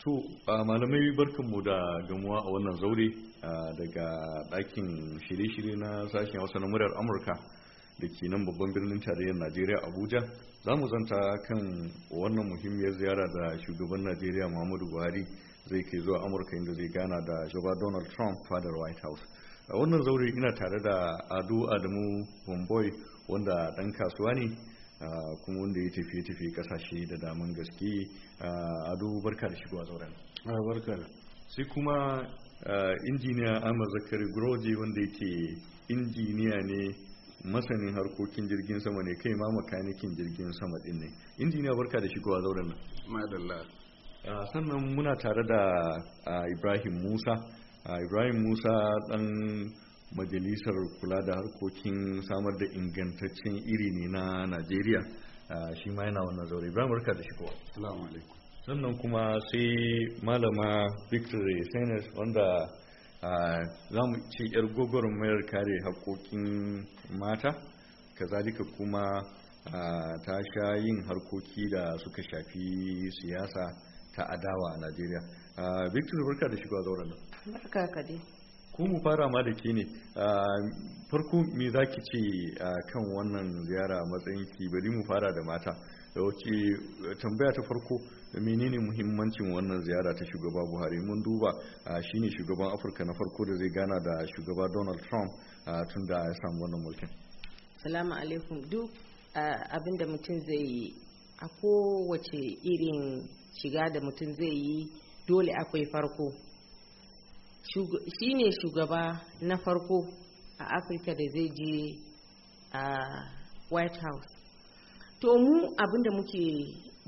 To malamai mu da gamuwa a wannan zaure daga dakin shirye-shirye na sashen Hausa na muryar Amurka da ke nan babban birnin tarayyar Najeriya Abuja. Za mu zanta kan wannan muhimmiyar ziyara da shugaban Najeriya Muhammadu Buhari zai kai zuwa Amurka inda zai gana da shugaba Donald Trump fadar White House. A wannan zaure ina tare da Ado Adamu Bomboy wanda ɗan kasuwa ne Ah, kuma wanda ya tafiye tafi kasashe da daman gaske ah, ado barka da shigowa zauren ah, barka sai kuma injiniya amur Zakari groji wanda yake injiniya ne masanin harkokin jirgin sama ne kai ma makanikin jirgin sama din ne injiniya barka da shigowa zauren nan madalla sannan muna tare da Ibrahim Musa Ibrahim Musa dan majalisar kula da harkokin samar da ingantaccen iri ne na najeriya ah, shi ma yana wannan zaure ibrahim barka da shigowa salamu alaikum sannan kuma sai malama victor senes wanda ah, za mu ce yar gwagwarmayar kare haƙoƙin mata kazalika kuma ah, ta sha yin harkoki da suka shafi siyasa ta adawa a najeriya victor barka da shigowa zauren nan barka ka dai ko mu fara ma da ke ne ah, farko me za ki ce ah, kan wannan ziyara matsayin ki bari mu fara da mata da wace eh, tambaya ta farko menene muhimmancin wannan ziyara ta shugaba buhari mun duba ah, shine shugaban afirka na farko da zai gana da shugaba donald trump tun da ya samu wannan mulkin salamu alaikum duk abin da mutum zai yi a kowace irin shiga da mutum zai yi dole akwai farko shi ne shugaba na farko a afirka da zai je a white house to mu abinda muke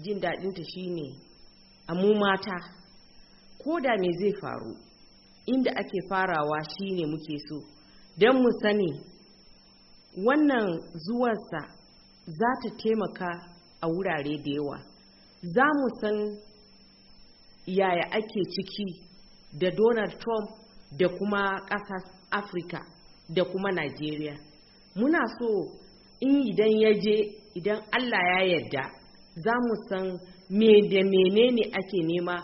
jin daɗinta shine a mu mata ko da me zai faru inda ake farawa shine muke so don mu sani wannan zuwansa za ta taimaka a wurare da yawa za mu san yaya ake ciki da donald trump da kuma ƙasar afirka da kuma nigeria muna so in idan ya je idan allah ya yarda za mu san me da menene ake nema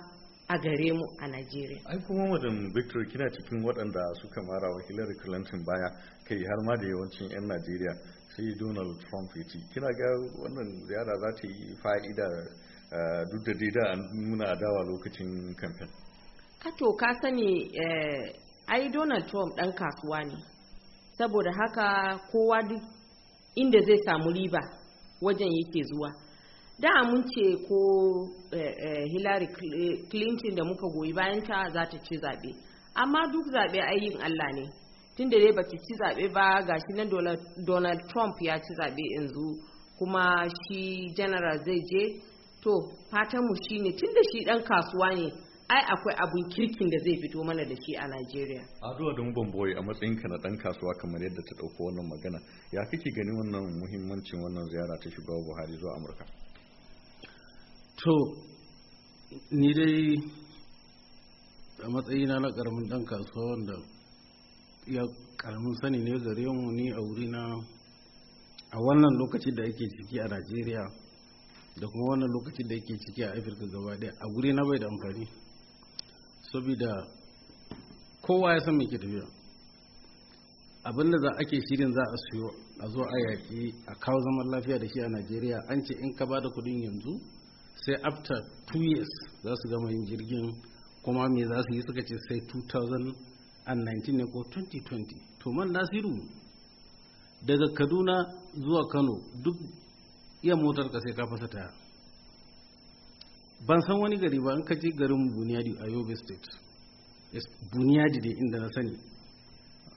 a gare mu a Najeriya. Ai kuma madam Victor kina cikin waɗanda suka mara wa Hillary Clinton baya kai har ma da yawancin 'yan Najeriya sai Donald Trump ya ci. Kina ga wannan ziyara za ta yi fa'ida eh, duk da dai da nuna adawa lokacin kamfen. kato ah, ka sani eh, ai donald trump dan kasuwa ne saboda haka kowa duk inda zai samu riba wajen yake zuwa da mun ce ko eh, eh, hillary clinton da muka goyi bayan ta za ta ci zaɓe amma duk zaɓe ayin allah ne tun da dai baki ci zaɓe ba gashi nan donald trump ya ci zaɓe yanzu kuma shi general zai je to fatanmu shine tun da shi ɗan kasuwa ne ai akwai abun kirkin da zai fito mana da shi a Najeriya. Aduwa da ban boye a matsayinka na dan kasuwa kamar yadda ta ɗauko wannan magana. Ya kike gani wannan muhimmancin wannan ziyara ta shiga Buhari zuwa Amurka? To, ni dai a matsayina na karamin dan kasuwa wanda ya karamin sani ne gare mu ni a wurina a wannan lokaci da ake ciki a Najeriya da kuma wannan lokacin da yake ciki a afirka gaba daya a guri na bai da amfani saboda kowa ya san mai ke tafiya abinda za ake shirin za a siyo a zo a yaƙi a kawo zaman lafiya da shi a najeriya an ce in ka ba da kudin yanzu sai after two years za su gama yin jirgin kuma me za su yi suka ce sai 2019 ne ko 2020 to man nasiru daga kaduna zuwa kano duk iya motar ka sai ka fasa taya ban san wani gari ba an ka je garin buniyadi a yobe state buniyadi dai inda na sani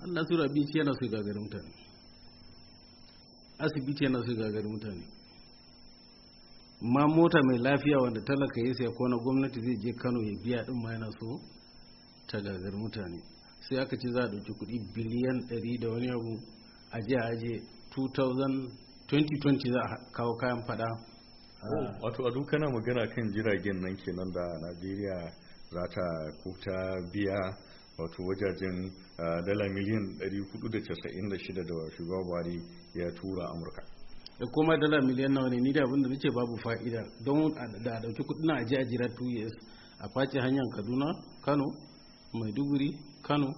allah sura abinci yana su gagarin mutane asibiti yana su gagarin mutane ma mota mai lafiya wanda talaka ya saya ko na gwamnati zai je kano ya biya din ma yana so ta gagari mutane sai aka ce za a ɗauki kuɗi biliyan 100 da wani abu a je a 2020 za a kawo kayan fada wato a kana magana kan jiragen nan kenan da najeriya za ta kuta biya wato wajajen dala miliyan 496 da shugaba buhari ya tura amurka da kuma dala miliyan nawa ne ni da abinda nace babu fa'ida don da dauki kudin a ji a jira 2 years a face hanyar kaduna kano maiduguri kano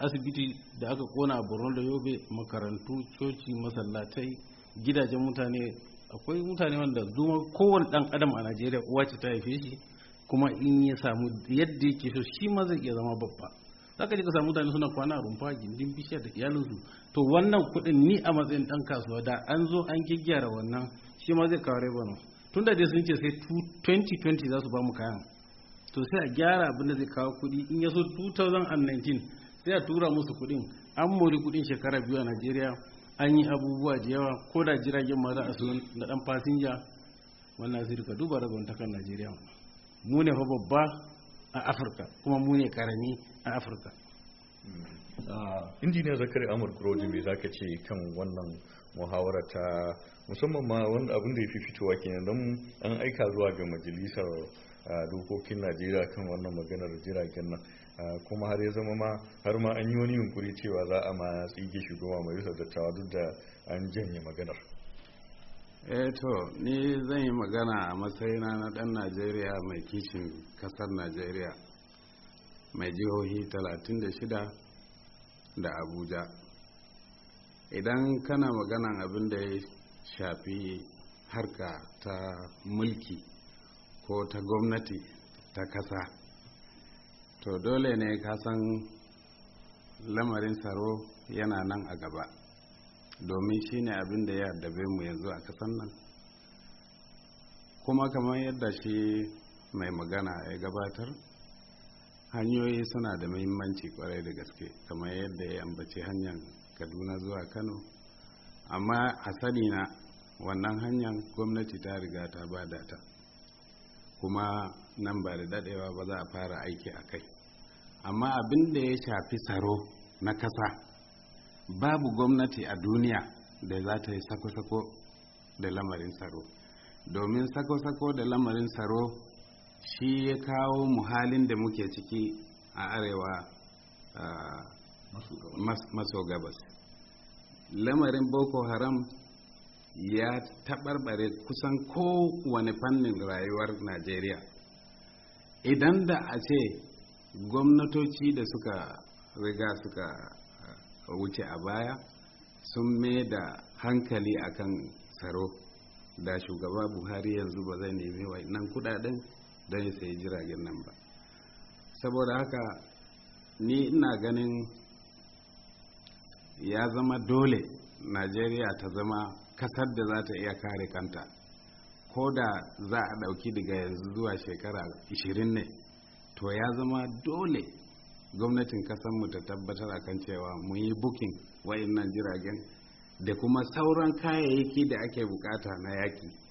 asibiti da aka kona a borno da yobe makarantu coci masallatai gidajen mutane akwai mutane wanda zuma kowane dan adam a najeriya uwa ce ta haife shi kuma in ya samu yadda yake so shi ma zai iya zama babba zaka ji ka samu mutane suna kwana rumfa gindin bishiya da iyalinsu to wannan kuɗin ni a matsayin dan kasuwa da an zo an gyaggyara wannan shi ma zai kawo revenue tun da dai sun ce sai 2020 za su ba mu kayan to sai a gyara abin da zai kawo kuɗi in ya so 2019 sai a tura musu kuɗin an mori kuɗin shekara biyu a najeriya an yi abubuwa da yawa ko da jiragen ma za a su na dan fasinja wannan zai ka duba rabon takan Najeriya mu ne fa babba a Afirka kuma mu ne karami a Afirka hmm. ah. injiniya zakari amur kuroji mai zaka ce kan wannan muhawara ta musamman ma wanda abin da ya fi fitowa kenan don an aika zuwa ga majalisar ah, dokokin najeriya kan wannan maganar jiragen nan kuma har ya zama ma har ma an yi wani yunkuri cewa za a ma tsige goma mai rusa tawa duk da an janye maganar eh ni zan yi magana a matsayina na dan najeriya mai kishin kasar najeriya mai jihohi 36 da abuja idan kana maganan abin da ya shafi harka ta mulki ko ta gwamnati ta kasa to dole ne ka san lamarin tsaro yana nan a gaba domin shi ne abin da ya addabe mu yanzu a kasan nan kuma kamar yadda shi mai magana ya gabatar hanyoyi suna da muhimmanci kwarai da gaske kamar yadda ya ambaci hanyar kaduna zuwa kano amma a sani na wannan hanyar gwamnati ta riga ta bada ta kuma nan ba da dadewa ba za a fara aiki a kai amma abin da ya shafi tsaro na kasa babu gwamnati a duniya da za ta yi sako-sako da lamarin tsaro domin sako-sako da lamarin tsaro shi ya kawo muhalin da muke ciki a arewa ah, maso gabas lamarin boko haram ya taɓarɓare kusan ko wani fannin rayuwar najeriya idan da a ce gwamnatoci da suka riga suka uh, wuce a baya sun mai da hankali akan tsaro da shugaba buhari yanzu ba zai nemi nan kudaden don ya sayi jiragen nan ba saboda haka ni ina ganin ya zama dole najeriya ta zama kasar da za ta iya kare kanta ko da za a ɗauki daga yanzu zuwa shekara 20 ne to ya zama dole gwamnatin mu ta tabbatar akan cewa mun yi bukin wa'in jiragen da kuma sauran kayayyaki da ake bukata na yaki